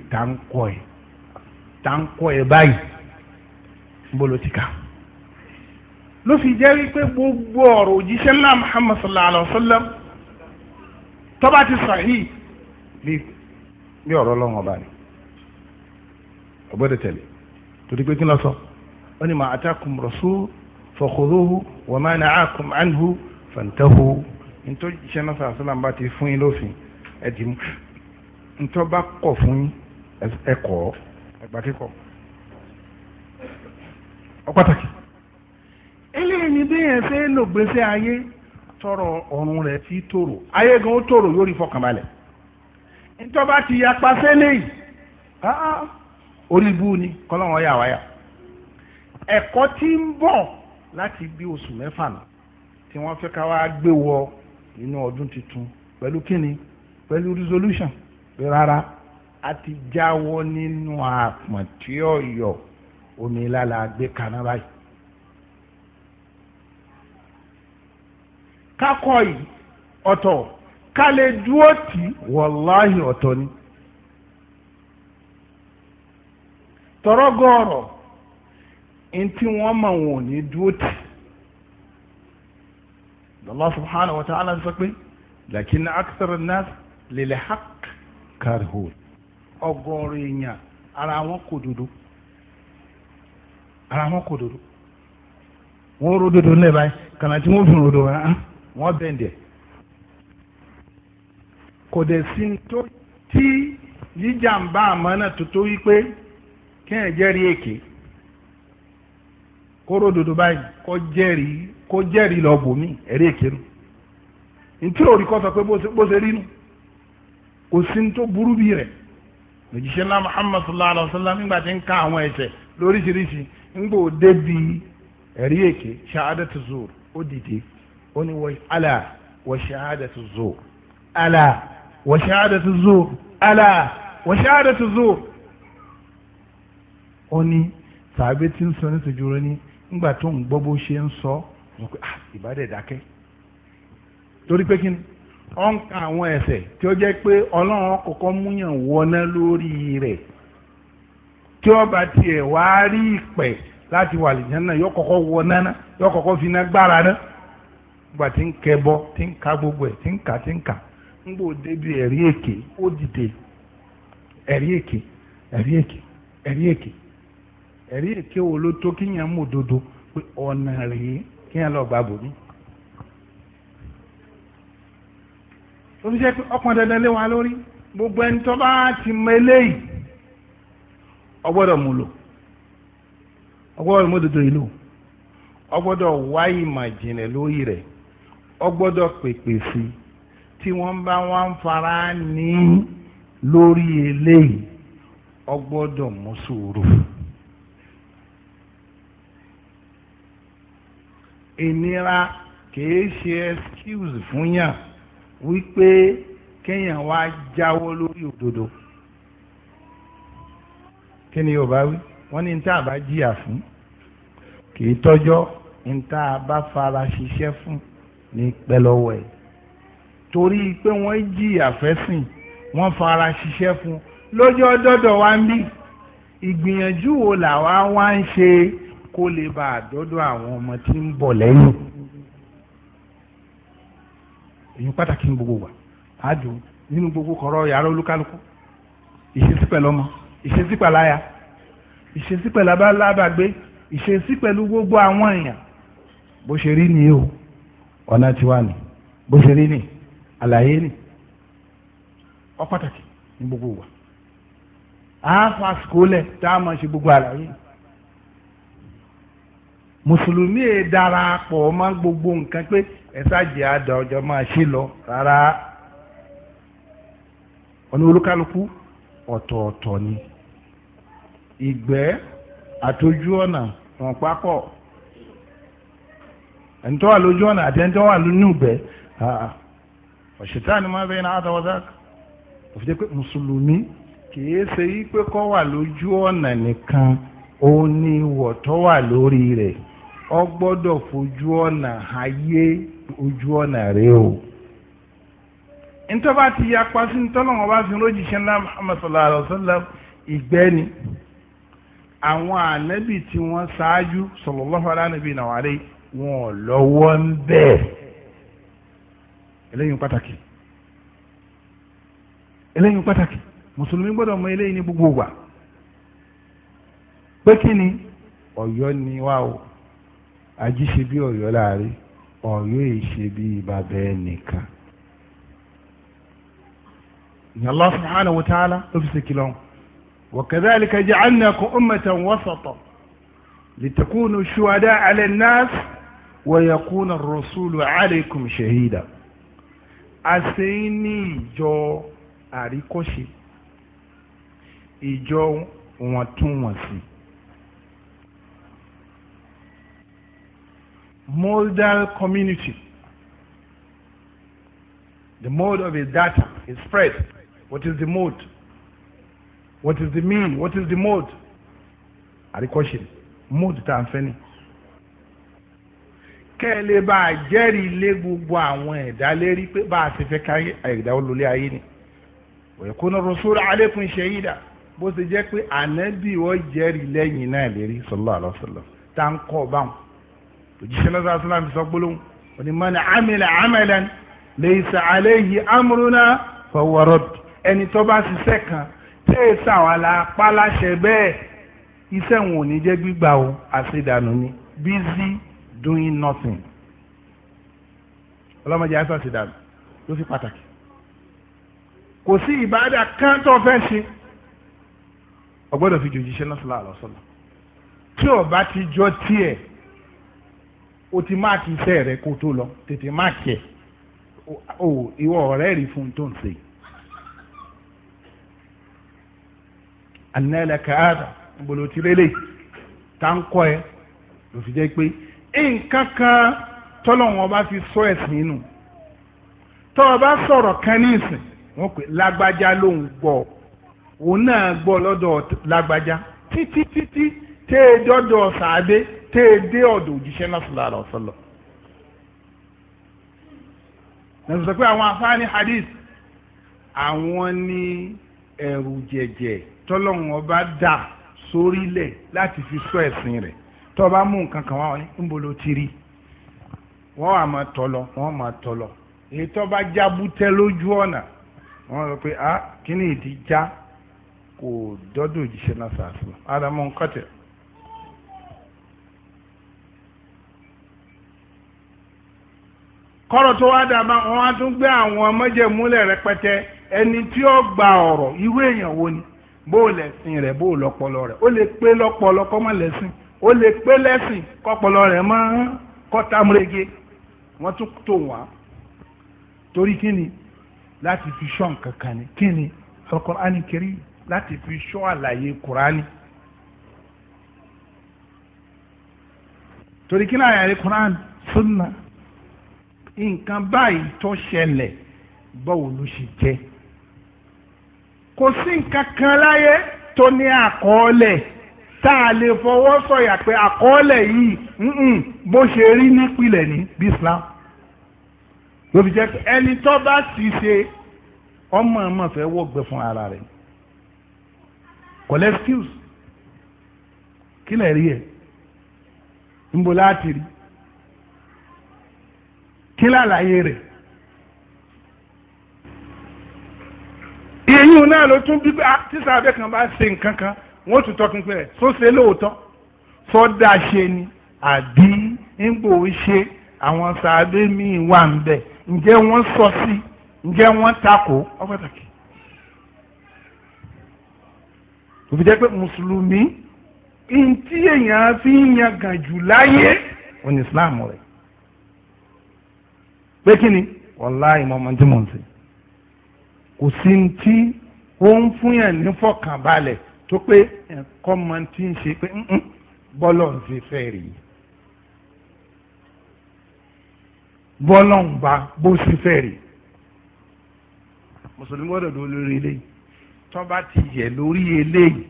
ti kà. ló fi jẹ́ wípé gbogbo ọ̀rọ̀ òjíṣẹ́ ńlá Muhammad sallallahu alayhi wa sallam ti bí ọ̀rọ̀ ọgbọ́dọ̀ tẹ̀lé torí pé kí lọ sọ ó ní ma atakum ma fantahu nítorí iṣẹ́ náà sàrà sọ́là bá ti fún yín lófin ẹ dì mú nítorí bá kọ̀ fún yín ẹ kọ̀ ẹgbà kíkọ̀ ọ pàtàkì eléyìí ni ṣe lò gbèsè ayé tọrọ ọrùn rẹ fi tòrò ayé gan tòrò yóò rí bá ti yapa sẹ́lẹ̀ yìí ah, ah, orí ibú ni kọ́lọ́wọ́n yà wáyà ẹ̀kọ́ tí ń bọ̀ láti bí oṣù mẹ́fà nà tí wọ́n fẹ́ ká wá gbé wọ inú ọdún tuntun pẹ̀lú kíni pẹ̀lú resolution pé rárá a ti jáwọ́ nínú àpọ̀n tí ọ̀yọ́ omi lála gbé kaná báyìí. kákọ́ yìí ọ̀tọ̀ ká lè dúró tì wọ́láhì ọ̀tọ̀ ni. tọrọ gọrọ ntí wọn ma wọn ní dúró tì Allah subhanahu wa sọ pé lakin akthara an-nas lil haqq karihun ọgọ́rùn ara wọn kò dodo ara wọn kò dodo wọn ro dodo nílẹ̀ báyìí kànáà tí wọn fi ah, ah. tí àmọ́ náà tó kéèyàn jẹ́rìí èké kóró dodo báyìí kó jẹ́rìí kó jẹ́rìí lọ bò mí ẹ̀rí èké nu ntí òrí kọ́ sọ pé bó ṣe rí nu kò sí ní tó burú bí rẹ̀ Muhammad sallallahu alayhi wa sallam nígbà tí ń ka àwọn ẹ̀ṣẹ̀ lóríṣiríṣi ńgbò débi ẹ̀rí èké ṣahadatu zuur ó dìde ó ní wọ́n ala wọ́n ala wọ́n ala wọ́n ó ní tàbí tí ń sọ ní tòjúrò ní ńgbà tó ń gbọ́ bó ṣe ń sọ mo ah, torí pé kí ni ọ ń ka àwọn ẹ̀ṣẹ̀ tí ó jẹ́ pé ọlọ́run kọkọ múyàn wọná lórí rẹ̀ tí ó bá tiẹ̀ wá rí ìpẹ́ láti wà kọ́kọ́ wọná kọ́kọ́ fi gbogbo ẹ̀ tí ń tí ń débi ẹ̀rí èké ó dìde ẹ̀rí èké ẹ̀rí èké ẹ̀rí èké wo ló tó kíyàn mú òdodo pé ọ̀nà rèé kíyàn lọ gbà bòmí. ó fi jẹ́ pé ọkùnrin dandan lé wa lórí gbogbo ẹni tó bá ti mọ eléyìí ọgbọ́dọ̀ mú lò ọgbọ́dọ̀ mú òdodo yìí lò ọgbọ́dọ̀ wá ìmọ̀ ìjìnlẹ̀ lórí rẹ̀ ọgbọ́dọ̀ pèpè sí tí wọ́n bá wá fara ní lórí eléyìí ọgbọ́dọ̀ mú sùúrù fún. ìnira kìí ṣe excuse fún yàn wípé kéèyàn wá jáwọ́ lórí òdodo kí ni Yorùbá wí wọ́n ní tá a bá jìyà fún kìí tọ́jọ́ ní tá a bá fara ṣiṣẹ́ fún ní pẹ́lọ́wọ́ ẹ̀ torí pé wọ́n jìyà fẹ́sìn wọ́n fara ṣiṣẹ́ fún lójú ọdọ́dọ̀ wa ń bí ìgbìyànjú wo làwa wá ń ṣe kó lè bá àdọ́dọ̀ àwọn ọmọ tí ń bọ̀ lẹ́yìn èyí pàtàkì ní gbogbo wa àjò nínú gbogbo kọ̀rọ̀ yàrá olúkálùkù ìṣesí pẹ̀lú ọmọ ìṣesí pẹ̀lú aya ìṣesí pẹ̀lú alábàgbé ìṣesí pẹ̀lú gbogbo àwọn èèyàn bó ṣe rí nìyí o ọ̀nà tiwa ni bó ṣe rí ni àlàyé ni ọ pàtàkì ní gbogbo wa àáfàá sikólẹ̀ tá ṣe gbogbo àlàyé ni. mùsùlùmí è e darapọ̀ mọ́ gbogbo nǹkan pé ẹ̀sàjì àdá ọjọ́ máa ṣe lọ rárá ọ̀nà olúkálukú ọ̀tọ̀ọ̀tọ̀ ni ìgbẹ́ àtọ́jú ọ̀nà wọn papọ̀ ẹ̀ńtọ́ wà lójú ọ̀nà àti ẹ̀ńtọ́ wà ìgbẹ́ ọ̀ṣẹ̀tà ni wọ́n fẹ́ iná àtọwọ́sá òfin pé mùsùlùmí kìí ṣe yí pé kọ́ wà lójú ọ̀nà nìkan ọ gbọdọ fojú ọ̀nà ayé ojú ọ̀nà rẹ o ntọ́ba ti yapa sí ntọ́lọ́wọ́n bá fi lójijì ńlá Muhammad sallallahu wa sallam ìgbẹ́ni àwọn ànábì tí wọ́n ṣáájú sallallahu aláàbì wọn lọ́wọ́ ń bẹ́ẹ̀ eléyìí pàtàkì eléyìí pàtàkì mùsùlùmí gbọ́dọ̀ mọ eléyìí ní gbogbo pé kí ni ọ̀yọ́ ni wá ajíṣe bí ọ̀yọ́ láàrin ọ̀yọ́ èṣe bí bàbá ẹnìkan ni Allah subhanahu wa ta'ala ló fi ṣèkìlọ wọn. وكذلك جعلناكم أمة وسطا لتكونوا شهداء على الناس ويكون الرسول عليكم شهيدا أسيني جو àríkọ́ṣe ìjọ wọn tún wọn sí modal community. The mode of a data is spread. What is the mode? What is the mean? What is the mode? Àríkọ́ṣe mode question. Mode ń fẹ́ ni. Kẹ́ ẹ lè bá a jẹ́rìí lé gbogbo àwọn ẹ̀dá lérí pé bá a ti fẹ́ ká ẹ̀dá ayé ni. Òyìnkúnú Rasul alaykum shahida bó ṣe jẹ́ pé ànábì wọ́n jẹ́rìí lẹ́yìn náà lérí sallallahu alaihi wasallam tá à báwọn òjíṣẹ́ náà sàásùn láti sọ gbólóhùn òní man amila amalan laysa alayhi amruna fahuwa radd ẹni tó bá ṣiṣẹ́ kan tẹ́ ẹ sàwàlà apáláṣẹ bẹ́ẹ̀ iṣẹ́ wọn ò ní jẹ́ gbígbà o àṣedànù ni busy doing nothing ọlọ́mọdé àṣà àṣedànù ló fi pàtàkì kò sí ìbádà kan tó fẹ́ ṣe ọgbọ́dọ̀ fi jòjì ṣe náà sọ́lá àlọ́sọ́lá tí ọba ti jọ tiẹ̀ o ti máàkì iṣẹ́ rẹ kó tó lọ tètè máàkì ẹ̀ o ìwọ ọ̀rẹ́ rí fún tó ń ṣe. anẹ́lẹ̀ káàdà ìbòlò tí lélẹ̀ tá ń kọ́ ẹ ló fi jẹ́ pé nǹkan kan tọ́lọ́wọ́n bá fi sọ ẹ̀sìn nù tọ́ ọ bá sọ̀rọ̀ kan ní ìsìn wọ́n pè lágbájá ló ń gbọ́ òun náà gbọ́ lọ́dọ̀ lágbájá títí títí tẹ́ ẹ dọ́dọ̀ sàádé tẹ́ ẹ dé ọ̀dọ̀ òjíṣẹ́ náà sọ̀rọ̀ àlọ́ na nàìjíríà pé àwọn afáàní hadith àwọn ní ẹ̀rù jẹ̀jẹ̀ tọ́lọ́run ọba dà sórílẹ̀ láti fi sọ ẹ̀sìn rẹ̀ tọ́ bá mú nǹkan kan wá wọn ti rí wọ́n wà máa tọlọ wọ́n máa tọlọ èyí jábútẹ́ lójú ọ̀nà wọ́n sọ pé ah, kọ́rọ̀ tó wá dàbá wọn á tún gbé àwọn mọ́jẹ̀múlẹ̀ rẹpẹtẹ ẹni tí ó gba ọ̀rọ̀ irú èèyàn wo ni bó o lẹ̀sìn rẹ̀ bó o lọ́pọlọ rẹ̀ ó lè pé lọ́pọlọ kọ́ mọ́ lẹ́sìn ó lè pé lẹ́sìn kọ́pọlọ rẹ̀ mọ́ kọ́tàmúrege wọ́n tún tó wá torí kí ni láti fi ṣọ́ nǹkan kan ni kí ni Al-Qur'ani kiri láti fi ṣọ́ àlàyé Kùránì. torí kí ni àyàrí Kùránì sunna. nǹkan báyìí tó ṣẹlẹ̀ báwo ló ṣe jẹ́ kò sí nǹkan kan láyé tó ní àkọọ́lẹ̀ tá a lè fọwọ́ sọ̀yà pé àkọọ́lẹ̀ yìí bó ṣe rí nípìnlẹ̀ ní bí ló fi jẹ́ ọmọ ọmọ fẹ́ fún ara rẹ̀ kọle skills kí lè rí ẹ̀ ń kí lálàyé rẹ̀ èyí náà ló tún bíbí ah, tíṣà abẹ́ kan bá ṣe nǹkan kan wọ́n tún tọ́ pinpin rẹ̀ tó ṣe lóòótọ́ sọ́dà ṣe ni àbí ńgbò ṣe àwọn sàbẹ̀ míì wà ń bẹ̀ ǹjẹ́ wọ́n sọ sí ǹjẹ́ wọ́n takò ó pàtàkì. òbí jẹ́ pé mùsùlùmí ntí èèyàn fi ń yan gàn jù láyé òní islam rẹ̀ pé kí ni wàláì mọ ọmọ tí mò ń sè kò sí ti ó ń fún yàn ní fọkànbalẹ̀ tó pé ẹ̀kọ́ mọ tí ń ṣe pé bọ́lọ̀ ń ṣe fẹ́ rí bọ́lọ̀ ń bá bó ṣe fẹ́ rí mùsùlùmí gbọ́dọ̀ dúró lórí eléyìí tó ti yẹ lórí eléyìí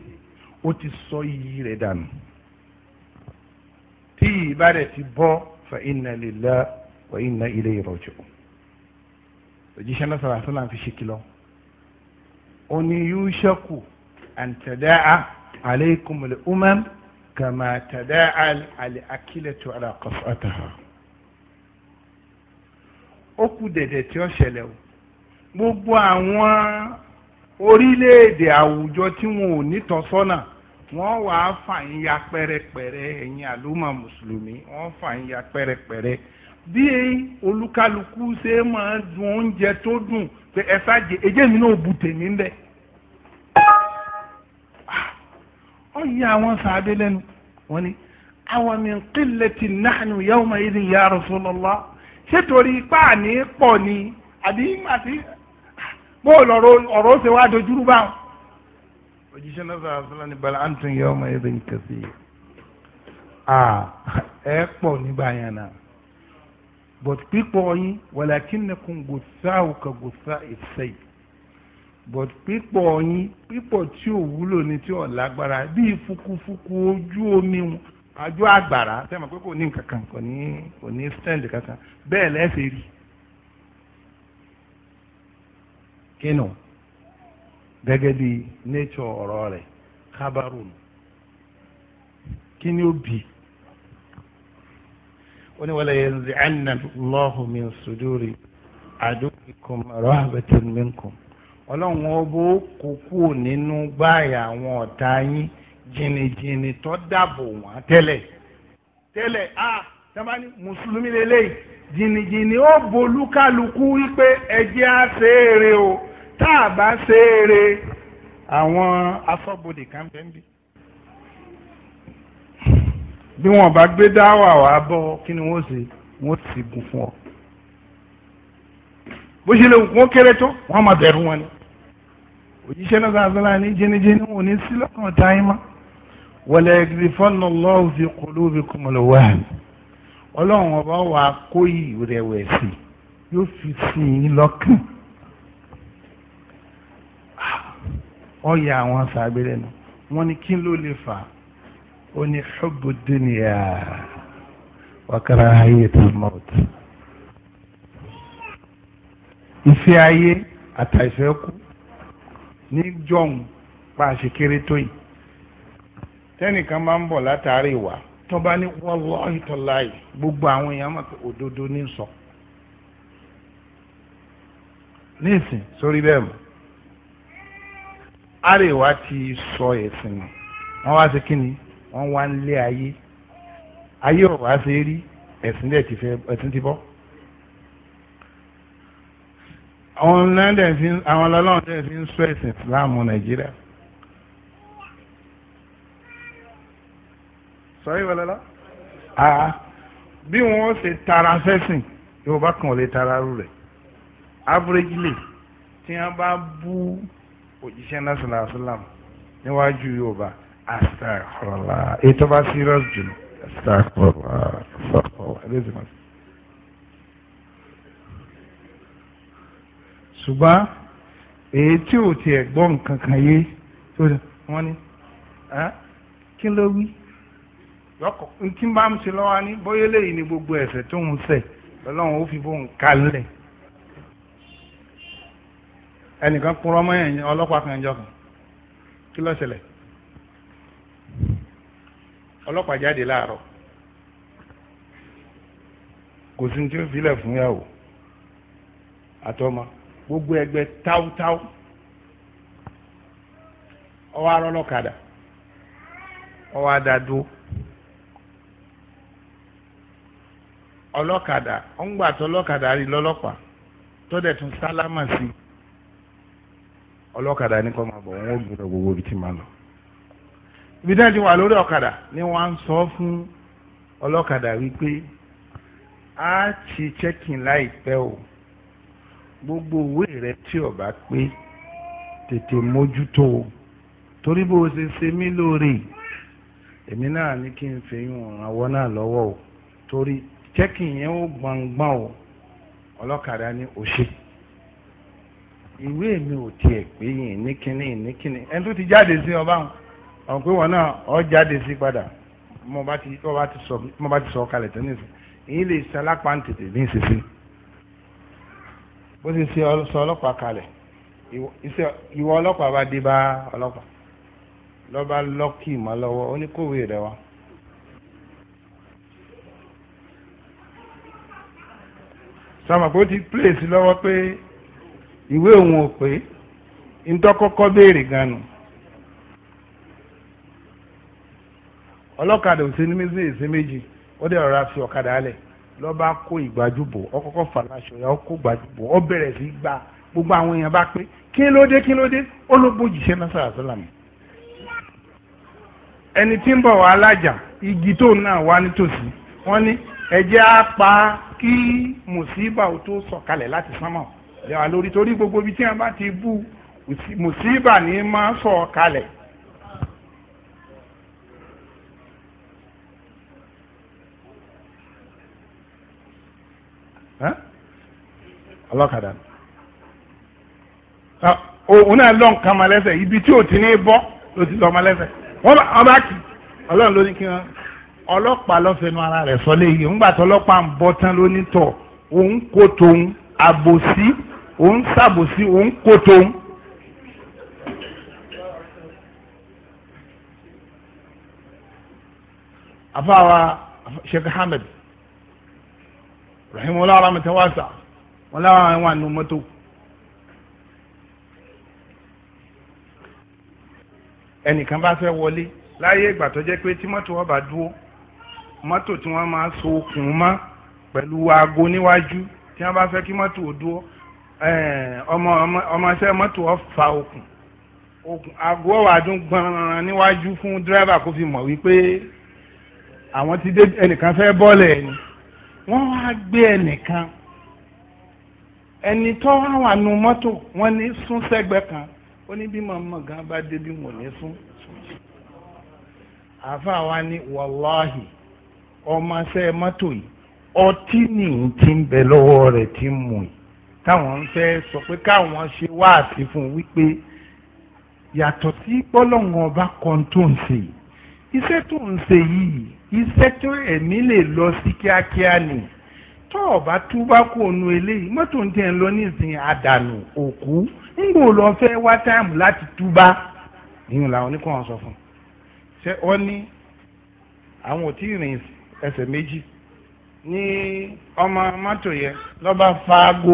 ó ti sọ iyì rẹ̀ dànù tí ìbá ti bọ́ fa inna lillah wa inna ilayhi raji'un òjíṣẹ́ náà sọ̀rọ̀ àtúnlá fi ṣe kìlọ̀ ó ní yúṣẹ́kù àǹtẹ̀dáà aleikumul umam kama tẹ̀dáà àlẹ́akílẹ̀tù alákọ̀fọ́tàhà ó kù dẹ̀dẹ̀ tí ó ṣẹlẹ̀ o gbogbo àwọn orílẹ̀-èdè àwùjọ tí wọn ò nítọ́sọ́nà wọ́n wàá fà ń ya pẹ́rẹpẹ̀rẹ ẹ̀yin àlùmọ̀ mùsùlùmí wọ́n fà ń ya pẹ́rẹpẹ̀rẹ bí olúkálukú ṣe máa dùn oúnjẹ tó dùn pé ẹ ṣáàjẹ ẹjẹ mi náà bu tèmi ńbẹ. Ah, ó yí àwọn sàbẹ lẹ́nu wọ́n ní àwọn min qillati nahnu yawma idhin ya Rasulullah ṣé torí ipá àní pọ̀ ni àbí àti ah, bó lọ́rọ̀ ọ̀rọ̀ ṣe wá dojúrú báwọn. òjíṣẹ́ náà sọ̀rọ̀ sọ́lá ní bal antum yawma idhin kaseer. Ah, ẹ pọ̀ nígbà yẹn náà but pípọ̀ gòsá òkà gòsá ìsẹ́yì but pípọ̀ yín pípọ̀ tí ò wúlò ní tí ò lágbára bíi fukufuku ojú omi wọn àjọ àgbàrá sẹ́mi pé kò ní kankan kò ní kò ní stand kankan bẹ́ẹ̀ lẹ́sẹ̀ rí kínú gẹ́gẹ́ bí nature ọ̀rọ̀ rẹ̀ kábàrún kí ni ó bì ó ní wala yanzi'anna Allahu min suduri aduwikum rahbatan minkum ọlọ́run kó kúrò nínú gbáyà àwọn ọ̀tá yín jìnnìjìnnì tó dàbò wọn tẹ́lẹ̀ tẹ́lẹ̀ a sábàáni mùsùlùmí jìnnìjìnnì ó wípé ẹjẹ́ á ṣe é re o tá bá ṣe é re àwọn afọ́bodè kan bí wọn bá gbé dáwà wá bọ kí ni wọn ṣe wọn ti gùn fún ọ bó ṣe lè wọn kéré tó wọn máa bẹ̀rù wọn ni òjíṣẹ́ náà sàzọlá ní jẹnijẹni wọn ò ní sí lọ́kàn táyé má wọlé ẹgbẹfọnà lọọ fi kọló fi kọmọlọ wá Ọlọ́run ọba wa kó ìrẹ̀wẹ̀sì yóò fi sí i lọ́kàn ọyà ah, àwọn sàgbélé nu wọn ni kí ló lè fà á. ó ní hubbu dunya wa karahiyatul maut ìfẹ́ ayé àtàìfẹ́ kú ní jọ̀hún pa àṣekéré tó yìí tẹ́nìkan máa gbogbo àwọn èèyàn mọ̀ òdodo ní sọ nísìn sórí bẹ́ẹ̀ àríwá ti sọ ẹ̀sìn nù wọ́n wá sí kí ni wọ́n wá ń lé ayé ayé ọ̀wá ṣe rí ẹ̀sìn dẹ̀ ti fẹ́ ẹ̀sìn ti bọ́. àwọn lọ́lọ́run fi àwọn lọ́lọ́run dẹ̀ fi ń sọ ẹ̀sìn Ìsìláàmù Nàìjíríà. sọ yìí wọlé lọ. bí wọ́n ṣe tara sẹ́sìn Yorùbá kan ò lè tara rú rẹ̀ averagely tí wọ́n bá bú òjíṣẹ́ náà sọ̀rọ̀ àṣìláàmù níwájú Yorùbá astagfirullah èyí tó bá serious jù astagfirullah astagfirullah ẹ lẹ́sìn máa. ṣùgbọ́n èyí tí ò tiẹ̀ gbọ́ nǹkan kan yé wọ́n ní kí ló wí lọkọ tí bá ń ṣe lọ́wọ́ ní bóyá lèyí ni gbogbo ẹ̀ṣẹ̀ tó ń ṣẹ̀ lọ́lọ́run ó fi bóun kalẹ̀ ẹnìkan kúrọ́ mọ́ ẹ̀yìn ọlọ́pàá kan jọ kan kí ló ṣẹlẹ̀ ọlọ́pàá jáde láàárọ̀ kò sí ní tí ó filẹ̀ fún yàwó àtọ́mọ gbogbo ẹgbẹ́ táútáú ọwọ́ arọ́ lọ́kadà ọwọ́ adadó ọlọ́kadà ọ̀ngbà tó ọlọ́kadà rí lọ́lọ́pàá tó dẹ̀ tún sálámà sí ọlọ́kadà ní kọ́ máa bọ̀ wọ́n ó gbúdọ̀ gbogbo ibi tí màá lọ. ibi náà ti wà lórí ọ̀kadà ni wọ́n ń sọ fún ọlọ́kadà wípé a ti checking láìpẹ́ o gbogbo òwe rẹ tí o pé tètè mójútó o torí bó o ṣe ṣe mí lóore èmi náà ní kí n fi yún ìrànwọ́ náà lọ́wọ́ o torí checking yẹn ó gbọ̀ngbọ̀n o ọlọ́kadà ni o ṣe ìwé mi ò tiẹ̀ pé yìí ní kínní ní kínní ẹni tó ti jáde sí ọba wọn. àwọn pé wọn náà ọ jáde sí padà mo bá ti sọ kalẹ̀ tán nísìnyí èyí lè ṣe alápáǹtẹ̀tẹ̀ ní ìṣesí bó sọ ọlọ́pàá kalẹ̀ ìwọ ọlọ́pàá bá dé bá ọlọ́pàá lọ́ba lọ́kì mọ́ lọ́wọ́ ó ní kòwé rẹ̀ wá. sọmọ ti pílèsì lọ́wọ́ pé ìwé òun ò ọlọ́kadà ò sí ní méjì èsì méjì ó dẹ̀ rọra fi ọ̀kadà alẹ̀ lọ́ba kó ìgbàjúbò ọkọ́kọ́ fàlàṣọ yà ó kó gbàjúbò ó bẹ̀rẹ̀ sí gba gbogbo àwọn èèyàn bá pé kí ló dé kí ló dé ó ló gbójì ṣe náà sàrà sálàmù. ẹni tí ń bọ̀ wá alájà igi tó náà wá nítòsí wọ́n ní ẹ̀jẹ̀ á pa kí mùsíbà ó tó sọ̀kalẹ̀ láti sánmọ̀ lórí torí gbogbo ibi tí wọ́n bá ti bú mùsíbà ní máa sọ̀kalẹ̀ ọlọ́kadà òun náà lọ́n kan máa lẹ́sẹ̀ ibi tí ò ti ní bọ́ ló ti lọ́ máa lẹ́sẹ̀ wọ́n ọba kì ọlọ́run ló ní kí wọ́n ọlọ́pàá lọ́fẹ̀ẹ́nu ara rẹ̀ sọ léyìí ńgbà tó ọlọ́pàá ń bọ́ tán ló ní tọ̀ òun kò tóun àbòsí òun ṣàbòsí òun kò tóun. àfáwa Sheikh Ahmed rahim wọlé ara mẹtẹ wá sà wọlé ara wà nù mọ́tò. ẹnìkan bá fẹ́ wọlé láyé ìgbà tó jẹ́ pé tí mọ́tò wọn bá dúró mọ́tò tí wọ́n máa so okùn mọ́ pẹ̀lú aago níwájú tí wọ́n bá fẹ́ kí mọ́tò ó dúró ọmọ ọmọọṣẹ́ mọ́tò ó fa okùn okùn aago ọ̀wà dún gbọ̀nràn níwájú fún dírẹ́bà kó fi mọ̀ wípé àwọn ti dé ẹnìkan fẹ́ bọ́ọ̀lù ẹni wọ́n wá gbé ẹnìkan ẹni tó wá wà nù mọ́tò wọ́n ní sún sẹ́gbẹ́ kan ó ní bí màmá gan bá dé bí wọ́n ní sún àáfàá wa ní wàláhì ọmọọṣẹ́ mọ́tò yìí ọtí nìyí ti ń bẹ lọ́wọ́ rẹ̀ ti ń mú yìí táwọn ń fẹ́ sọ pé káwọn ṣe wáàsí fún wípé yàtọ̀ sí gbọ́lọ́hún ọba kan tó ń ṣe iṣẹ́ tó ń ṣe yìí iṣẹ́ tó ẹ̀mí lè lọ sí kíákíá ni tó o bá túbá kó o nu eléyìí mọ́tò ń tẹ̀ ń lọ nísìnyí àdànù òkú ńgbò lọ fẹ́ wá táìmù láti túbá ìyún làwọn oníkọ̀ọ́ sọ fún un ṣé ọ ní àwọn ò tí ì rìn ẹsẹ̀ méjì ní ọmọ mọ́tò yẹn lọ́ba faago.